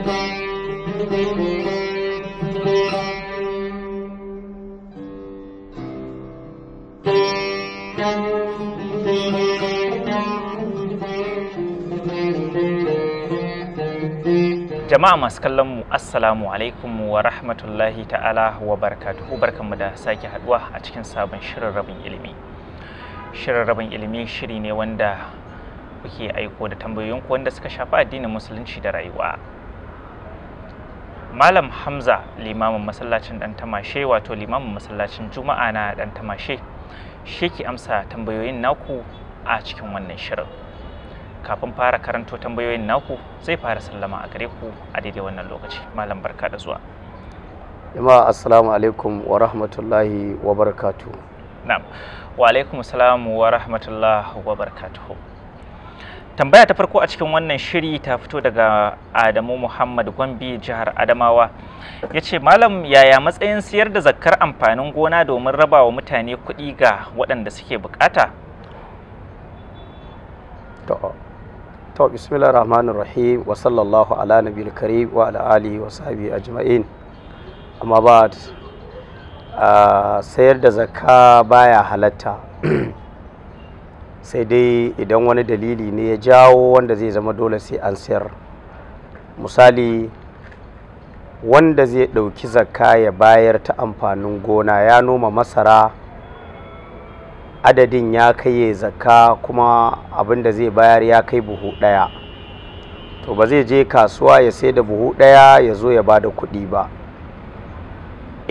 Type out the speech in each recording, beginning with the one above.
jama'a masu kallon mu assalamu alaikum wa rahmatullahi ta'ala wa barakatuhu barkanmu da sake haduwa a cikin sabon shirin rabin ilimi shirin rabin ilimi shiri ne wanda kuke aiko da tambayoyinku wanda suka shafi addinin musulunci da rayuwa malam hamza limamin masallacin dan tamashe wato limamin masallacin juma'a na dan tamashe shi ke amsa tambayoyin naku a cikin wannan shirin kafin fara karanto tambayoyin naku zai fara sallama a gare ku a daidai wannan lokaci malam barka da zuwa jama'a assalamu alaikum wa rahmatullahi wa barakatuhu na'am wa alaikum assalam wa rahmatullahi wa barakatuhu tambaya ta farko a cikin wannan shiri ta fito daga adamu muhammad gwambi jihar adamawa ya ce malam yaya matsayin siyar da zakkar amfanin gona domin raba wa mutane kuɗi ga waɗanda suke bukata to bismillah rahmanir rahim wa sallallahu ala karim wa ala alihi wa sahbihi ajma'in amma ba ah, sayar da zakka baya halatta sai dai idan wani dalili ne ya jawo wanda zai zama dole sai an sayar misali wanda zai ɗauki zakka ya bayar ta amfanin gona ya noma masara adadin ya kai ya zakka kuma abin da zai bayar ya kai buhu ɗaya to ba zai je kasuwa ya sai da buhu ɗaya ya zo ya bada da kuɗi ba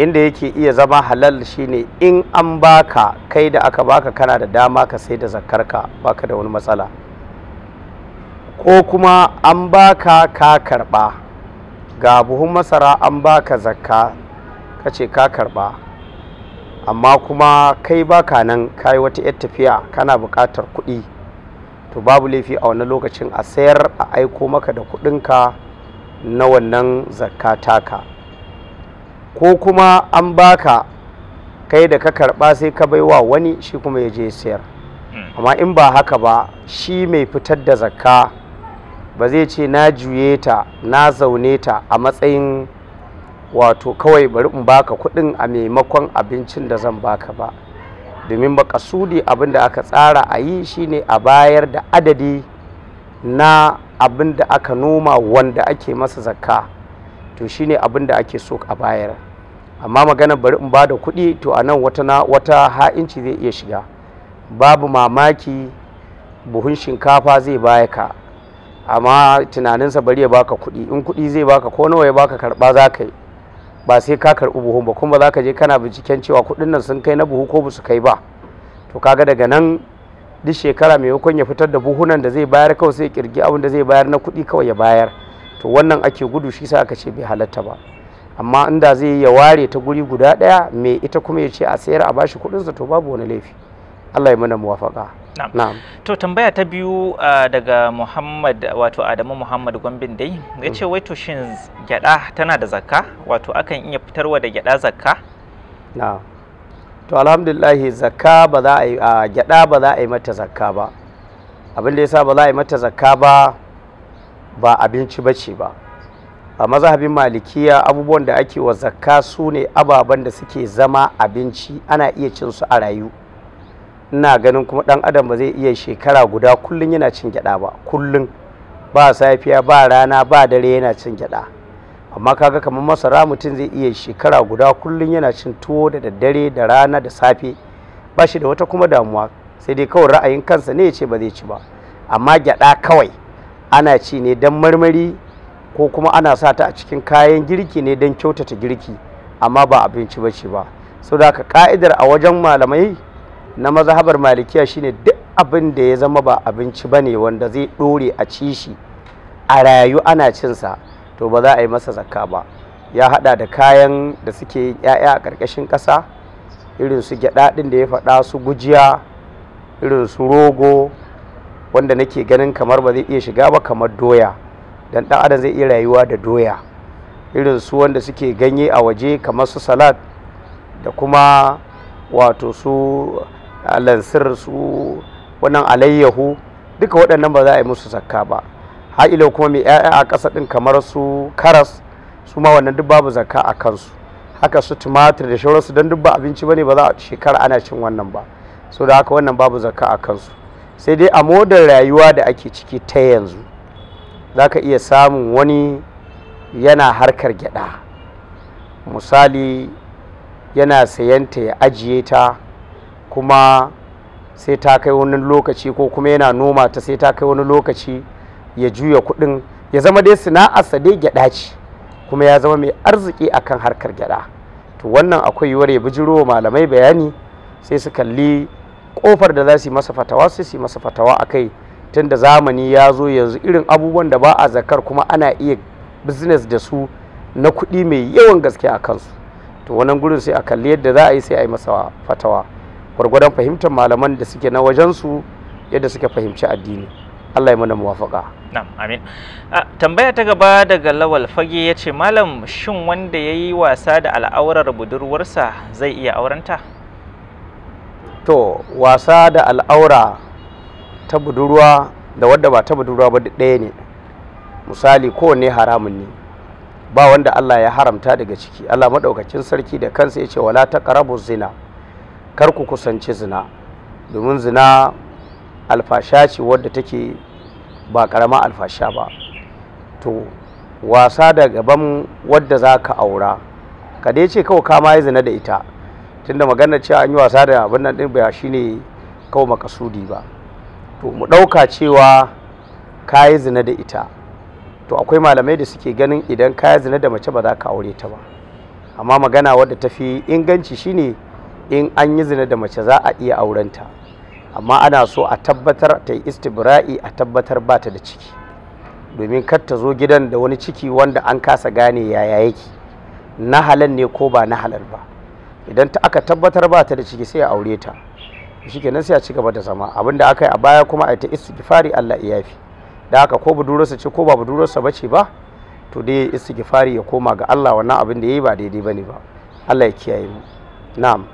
inda yake iya zama halal shine in an baka kai da aka baka kana da dama ka sai da zakarka baka da wani matsala ko kuma an baka ka karba ga buhun masara an baka zakka ka ce ka karba amma kuma kai baka nan ka wata 'yar tafiya kana buƙatar kuɗi to babu laifi a wani lokacin a sayar a aiko maka da kuɗinka na wannan zakka taka ko kuma an baka kai da ka karba sai ka baiwa wani shi kuma ya je sayar hmm. amma in ba haka ba shi mai fitar da zakka ba zai ce na juye ta na zaune ta a matsayin wato kawai bari in baka kuɗin a maimakon abincin da zan baka ba domin makasudi abin da aka tsara a yi shine a bayar da adadi na abin da aka noma wanda ake masa zakka to shi ne abin da ake so a bayar amma magana bari in ba da kuɗi to a nan wata, wata ha'inci zai iya shiga babu mamaki buhun shinkafa zai baya ka amma tunaninsa bari ya baka kuɗi in kuɗi zai baka ko nawa ya baka karɓa za ka yi ba sai ka karɓi buhun ba kuma za ka je kana binciken cewa kuɗin nan sun kai na buhu ko ba su kai ba to kaga daga nan duk shekara maimakon ya fitar da buhunan da zai bayar kawai sai kirgi abin da zai bayar na kuɗi kawai ya bayar to wannan ake gudu shi sa aka ce bai halatta ba amma inda zai ya ware ta guri guda ɗaya mai ita kuma ya ce a sayar a bashi kuɗinsa to babu wani laifi Allah ya mana muwafaka. Na'am. To tambaya ta biyu daga Muhammad wato Adamu Muhammad gombin dai ya ce mm. wai to shin gyada tana da zakka wato akan iya fitarwa da gyada zakka? Na'am. To alhamdulillah zakka ba za a yi gyada ba za a yi mata zakka ba. Abin da yasa ba za a yi mata zakka ba ba abinci ba ce ba a mazhabin malikiya abubuwan da ake wa zakka su ne ababen da suke zama abinci ana iya cin su a rayu ina ganin kuma dan adam ba zai iya shekara guda kullun yana cin gyada ba kullun ba safiya ba rana ba dare yana cin gyada amma kaga kamar masara mutum zai iya shekara guda kullun yana cin tuwo da daddare da rana da safe ba shi da wata kuma damuwa sai dai kawai ra'ayin kansa ne ya ce ba zai ci ba amma gyada kawai ana ci ne don marmari ko kuma ana sa ta a cikin kayan girki ne don kyautata girki amma ba abinci ba ce ba da ka ka'idar a wajen malamai na mazhabar malikiya shine duk abin da ya zama ba abinci ba ne wanda zai ɗore a ci shi a rayu ana cinsa to ba za a yi masa zakka ba ya hada da kayan da suke ya'ya a ƙarƙashin ƙasa irin su gyaɗa ɗin da ya faɗa su gujiya irin su rogo wanda nake ganin kamar ba zai iya shiga ba kamar doya dan dan adam zai iya rayuwa da doya irin su wanda suke ganye a waje kamar su salad da kuma wato su lansir su wannan alayyahu duka waɗannan ba za a yi musu zakka ba ha'ila kuma mai ƴaƴa a ƙasa ɗin kamar su karas su ma wannan duk babu zakka a kansu haka su tumatir da shauransu don duk ba abinci bane ba za a shekara ana cin wannan ba so da haka wannan babu zakka a kansu sai dai a modar rayuwa da ake ciki ta yanzu za ka iya samun wani yana harkar gyada misali yana sayanta ya ajiye ta kuma sai ta kai wani lokaci ko kuma yana noma ta sai ta kai wani lokaci ya juya kudin ya zama dai sana'arsa dai gyada ce kuma ya zama mai arziki akan harkar gyada to wannan akwai yiwuwar ya bijiro malamai bayani sai su kalli kofar da za su yi masa fatawa su yi masa fatawa a kai tun da zamani ya zo yanzu irin abubuwan da ba a zakar kuma ana iya business da su na kuɗi mai yawan gaske a kansu to wannan gurin sai a kalli yadda za a yi sai a yi masa fatawa gwargwadon fahimtar malaman da suke na wajensu yadda suke fahimci addini Allah ya mana muwafaka. na amin. tambaya ta gaba daga Lawal Fage ya ce, Malam, shin wanda ya yi wasa da al'aurar budurwarsa zai iya aurenta? to wasa da al'aura ta budurwa da wadda ba ta budurwa ba ɗaya ne misali kowanne haramun ne ba wanda Allah ya haramta daga ciki Allah maɗaukacin sarki da kansa ya ce wala ta karabu zina kar ku kusanci zina domin zina alfasha ce wadda take ba ƙarama alfasha ba to wasa da gaban wadda za ka aura ka dai ce kawai kama ya zina da ita tunda magana cewa an yi wasa da abin nan din ba ne kawai makasudi ba to mu ɗauka cewa kayi zina da ita to akwai malamai da suke ganin idan kayi zina da mace ba za ka aure ta ba amma magana wadda ta fi inganci shine in an yi zina da mace za a iya aurenta amma ana so a tabbatar ta yi istibra'i a tabbatar ba ta da ciki domin kar ta zo gidan da wani ciki wanda an kasa gane yaya yake na halal ne ko ba na halal ba idan ta aka tabbatar ba ta da ciki sai a aure ta shikenan sai a ci gaba da zama abinda aka yi a baya kuma a ta istighfari Allah ya yafi da haka ko budurarsa ce ko ba budurarsa bace ba to dai istighfari ya koma ga Allah wannan abin da yayi ba daidai bane ba Allah ya kiyaye mu na'am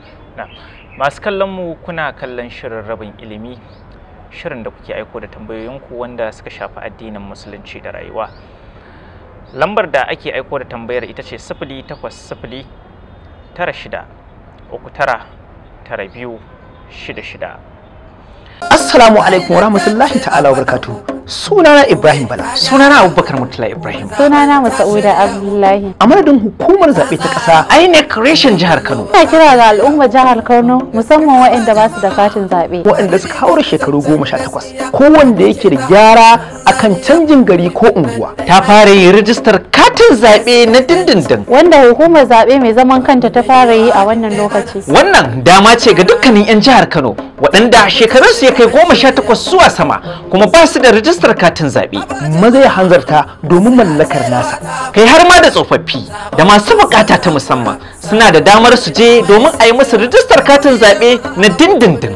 masu kallon mu kuna kallon shirin rabin ilimi shirin da kuke aiko da tambayoyinku wanda suka shafi addinin musulunci da rayuwa lambar da ake aiko da tambayar ita ce sifili takwas sifili tara shida uku tara tara biyu shida shida Assalamu alaikum wa rahmatullahi ta'ala wa barkatu. Sunana Ibrahim Bala, sunana Abubakar Murtala Ibrahim. Sunana Masauda Abdullahi. A madadin hukumar zaɓe ta ƙasa INEC reshen jihar Kano. Ina kira ga al'ummar jihar Kano musamman waɗanda ba su da katin zaɓe. Waɗanda suka haura shekaru goma sha takwas. Kowanda yake da gyara akan canjin gari ko unguwa. Ta fara yin rijistar katin zaɓe na dindindin. Wanda hukumar zaɓe mai zaman kanta ta fara yi a wannan lokaci. Wannan dama ce ga dukkanin 'yan jihar Kano waɗanda shekarunsu ya kai goma sha takwas zuwa sama kuma ba su da rajistar katin zaɓe. Maza ya hanzarta domin mallakar nasa. Kai har ma da tsofaffi da masu bukata ta musamman suna da damar su je domin a yi musu rijistar katin zaɓe na dindindin.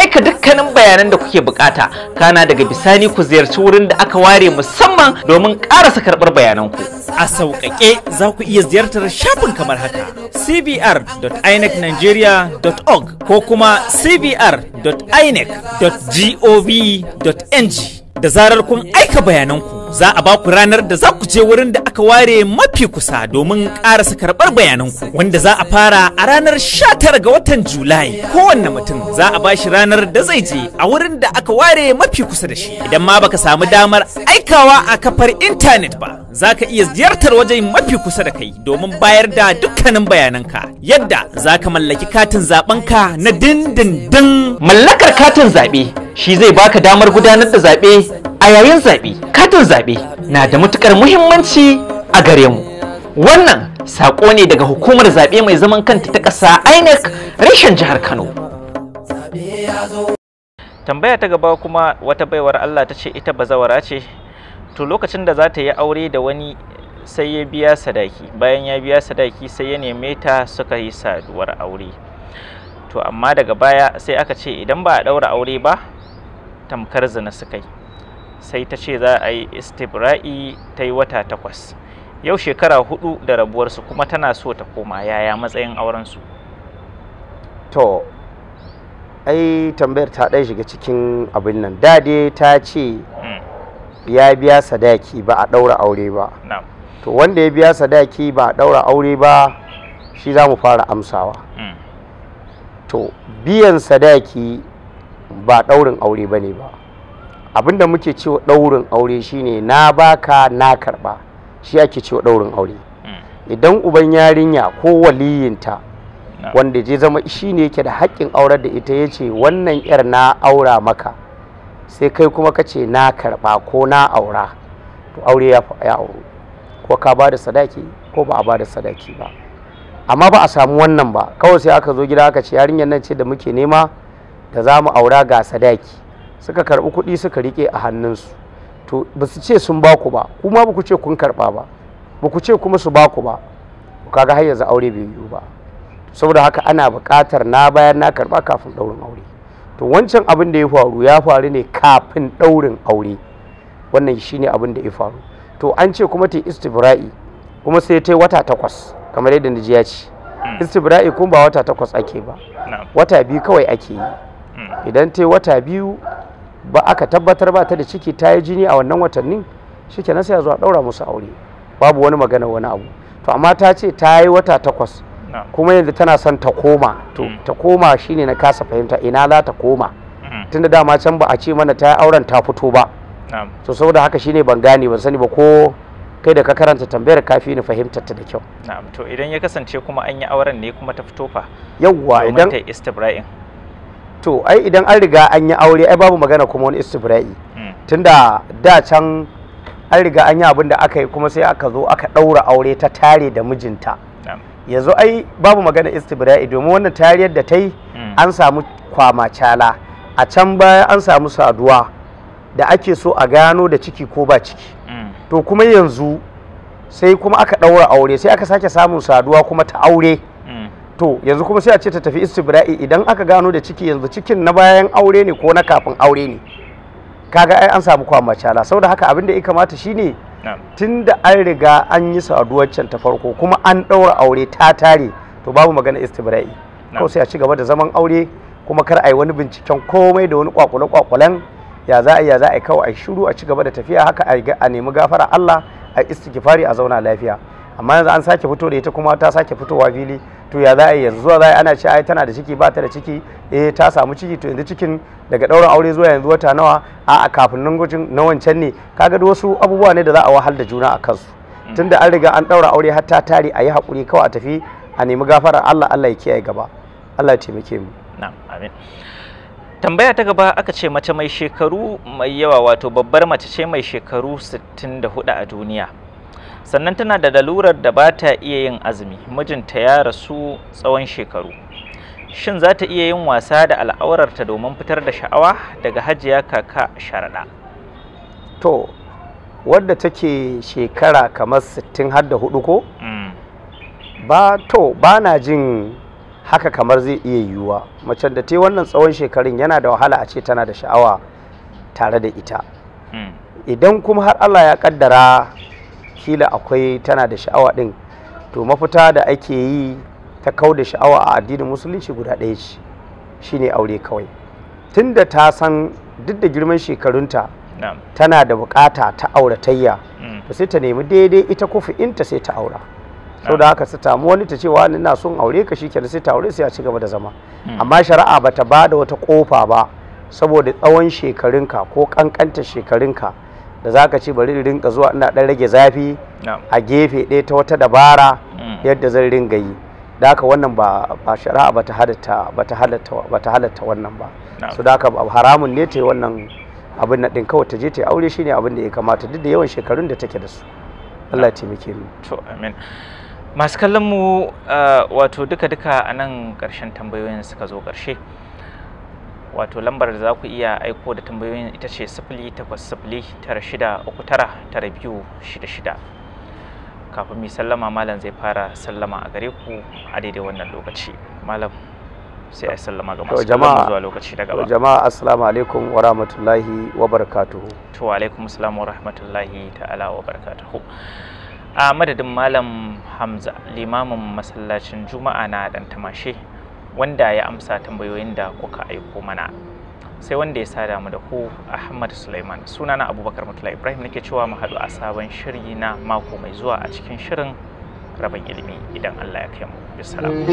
Ka dukkanin bayanan da kuke bukata kana daga bisani ku ziyarci wurin da aka ware musamman domin karasa bayanan bayananku a sauƙaƙe za ku iya ziyartar shafin kamar haka cbr.inecnigeria.org ko kuma cbr.inec.gov.ng da zarar kun aika bayananku za a baku ranar da za ku je wurin da aka ware mafi kusa domin karasa karɓar bayananku wanda za a fara a ranar 19 ga watan Julai. Kowanne mutum za a bashi ranar da zai je a wurin da aka ware mafi kusa da shi. Idan ma baka samu damar aikawa a kafar intanet ba, za ka iya ziyartar wajen mafi kusa da kai domin bayar da dukkanin bayananka. Yadda za ka mallaki katin zaɓenka na dindindin. Mallakar katin zaɓe shi zai baka damar gudanar da zaɓe a yayin zaɓe katin zaɓe na da matukar muhimmanci a gare mu wannan saƙo ne daga hukumar zaɓe mai zaman kanta ta ƙasa inec reshen jihar kano tambaya ta gaba kuma wata baiwar allah ta ce ita bazawara ce to lokacin da za ta yi aure da wani sai ya biya sadaki bayan ya biya sadaki sai ya neme ta suka yi saduwar aure to amma daga baya sai aka ce idan ba a ɗaura aure ba tamkar zina suka yi sai ta ce za a yi istibra'i ta yi wata takwas yau shekara hudu da rabuwarsu kuma tana so ta koma yaya matsayin aurensu to ai tambayar ta ɗaya shiga cikin abin nan dade ta ce hmm. ya biya sadaki ba a ɗaura aure ba to wanda ya biya sadaki ba a ɗaura aure ba shi za mu fara amsawa hmm. to biyan sadaki ba ɗaurin aure ba ne ba abinda muke cewa ɗaurin aure shine na baka na karba shi ake cewa ɗaurin aure hmm. idan uban yarinya ko waliyinta wanda je zama shi ne yake da haƙƙin aure da ita yace wannan yar na aura maka sai kai kuma ka na karba ko na aura to aure ya ya ko ka ba da sadaki ko ba a ba sadaki ba amma ba a samu wannan ba kawai sai aka zo gida aka ce yarinyar nan ce da muke nema da zamu aura ga sadaki suka karɓi kuɗi suka riƙe a hannunsu to ba su ce sun baku ba kuma ba ku ce kun karɓa ba ba ku ce kuma su baku ba kaga har yanzu aure bai yiwu ba saboda haka ana buƙatar na bayar na karɓa kafin ɗaurin aure to wancan abin da ya faru ya faru ne kafin ɗaurin aure wannan shine abin da ya faru to an ce kuma ta istibra'i kuma sai ta wata takwas kamar yadda naji ya ce hmm. istibra'i kuma ba wata takwas ake ba wata biyu kawai ake yi hmm. idan ta wata biyu ba aka tabbatar ba ta da ciki ta yi jini a wannan watannin shikenan sai a zo a daura musu aure babu wani magana wani abu to amma ta ce ta yi wata takwas kuma yanzu tana son ta koma to ta koma shine na kasa fahimta ina za ta koma mm-hmm. tunda dama can ba a ce mana ta yi auren ta fito ba to saboda haka shine ban gane ban sani ba ko kai da ka karanta tambayar kafi ni fahimtar ta da kyau na'am to idan ya kasance kuma an yi auren ne kuma ta fito fa yawwa idan to ai idan an riga an yi aure ai babu magana kuma wani istibra'i hmm. tunda da can an riga an yi abin da aka yi kuma sai aka zo aka ɗaura aure ta tare da mijinta yanzu ai babu magana istibra'i domin wannan tariyar da ta yi hmm. an samu kwamacala a can baya an samu saduwa da ake so a gano da ciki ko ba ciki hmm. to kuma yanzu sai kuma aka ɗaura aure sai aka sake samun saduwa kuma ta aure to yanzu kuma sai a ce ta tafi istibra'i idan aka gano da ciki yanzu cikin na bayan aure ne ko na kafin aure ne kaga ai an samu kwamba cala saboda haka abin da ya kamata shine tunda an riga an yi saduwar can ta farko kuma an ɗaura aure ta tare to babu magana istibra'i ko sai a ci gaba da zaman aure kuma kar a yi wani binciken komai da wani kwakwale-kwakwalen ya za a yi ya za a yi kawai a shiru a ci gaba da tafiya haka a nemi gafara Allah a istikifari a zauna lafiya amma yanzu an sake fito da ita kuma ta sake fitowa fili to ya za a yi yanzu zuwa za a yi ana ce ai tana da ciki ba ta da ciki eh ta samu ciki to yanzu cikin daga dauran aure zuwa yanzu wata nawa a kafin nan gujin na wancan ne kaga da wasu abubuwa ne da za a wahal da juna a kansu mm. tunda an riga an daura aure har ta tare a yi hakuri kawai a tafi a nemi gafarar Allah Allah ya kiyaye gaba Allah ya taimake mu na'am amin tambaya ta gaba aka ce mace mai shekaru mai yawa wato babbar mace ce mai shekaru 64 a duniya sannan tana da dalurar da ba ta iya yin azumi mijinta ya rasu tsawon shekaru shin za ta iya yin wasa da al'aurarta domin fitar da sha'awa daga hajiya kaka sharaɗa to wadda take shekara kamar sittin har da hudu ko mm. ba to ba na jin haka kamar zai iya yiwuwa macen da ta wannan tsawon shekarun yana da wahala a ce tana da sha'awa tare da ita mm. idan kuma har allah ya kaddara kila akwai tana da sha'awa din to mafita da ake yi ta kau da sha'awa a addinin musulunci guda ɗaya ce shine aure kawai tunda ta san duk da girman shekarunta tana da bukata ta auratayya mm. to sai ta nemi daidai ita ta sai ta aura sau da haka su tamu wani ta cewa ni na son aure ka shike sai ta aure sai a ci gaba da zama mm. amma shari'a bata bada wata kofa ba saboda tsawon shekarunka ko kankanta shekarunka da za ka ci bari rinka zuwa ina ɗan rage zafi a gefe ɗaya ta wata dabara mm. yadda zan ringa yi da haka wannan ba shari'a ba ta halatta wannan ba su da haka haramun ne ta yi wannan abin na ɗin kawai ta je ta aure shi ne abin da ya kamata duk da yawan shekarun da take da su Allah ya taimake mu to masu kallon ah, wato duka-duka a nan ƙarshen tambayoyin suka zo ƙarshe wato lambar da za ku iya aiko da tambayoyin ita ce sifili takwas sifili tara shida uku tara tara biyu shida shida kafin mai sallama malam zai fara sallama a gare ku a daidai wannan lokaci malam sai a sallama ga masu kallon zuwa lokaci da gaba jama'a assalamu alaikum wa rahmatullahi wa barakatuhu to wa alaikum assalamu wa rahmatullahi ta'ala wa barakatuhu a madadin malam hamza limamin masallacin juma'a na dan tamashe wanda ya amsa tambayoyin da kuka aiko mana sai wanda ya sada mu da ku Ahmad Sulaiman sunana Abubakar Mutula Ibrahim nake cewa mu haɗu a sabon shiri na mako mai zuwa a cikin shirin rabon ilimi idan Allah ya kai mu bisalamu